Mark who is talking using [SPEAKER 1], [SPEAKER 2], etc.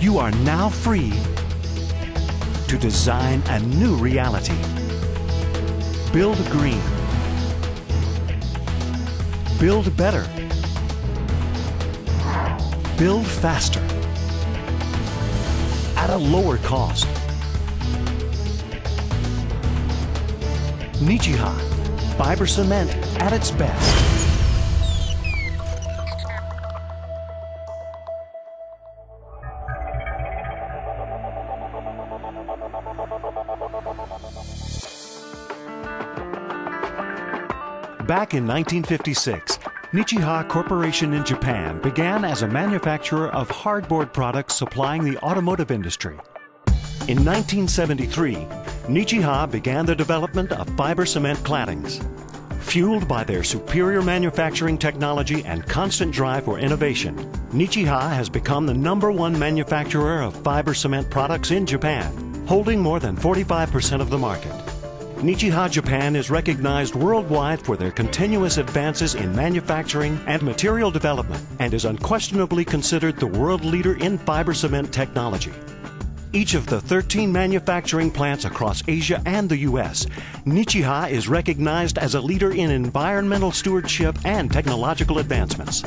[SPEAKER 1] You are now free to design a new reality. Build green. Build better. Build faster. At a lower cost. Nichiha,
[SPEAKER 2] fiber cement at its best.
[SPEAKER 1] Back in 1956, Nichiha Corporation in Japan began as a manufacturer of hardboard products supplying the automotive industry. In 1973, Nichiha began the development of fiber cement claddings. Fueled by their superior manufacturing technology and constant drive for innovation, Nichiha has become the number one manufacturer of fiber cement products in Japan, holding more than 45% of the market. Nichihara Japan is recognized worldwide for their continuous advances in manufacturing and material development and is unquestionably considered the world leader in fiber cement technology. Each of the 13 manufacturing plants across Asia and the U.S., Nichihara is recognized as a leader in environmental stewardship and technological advancements.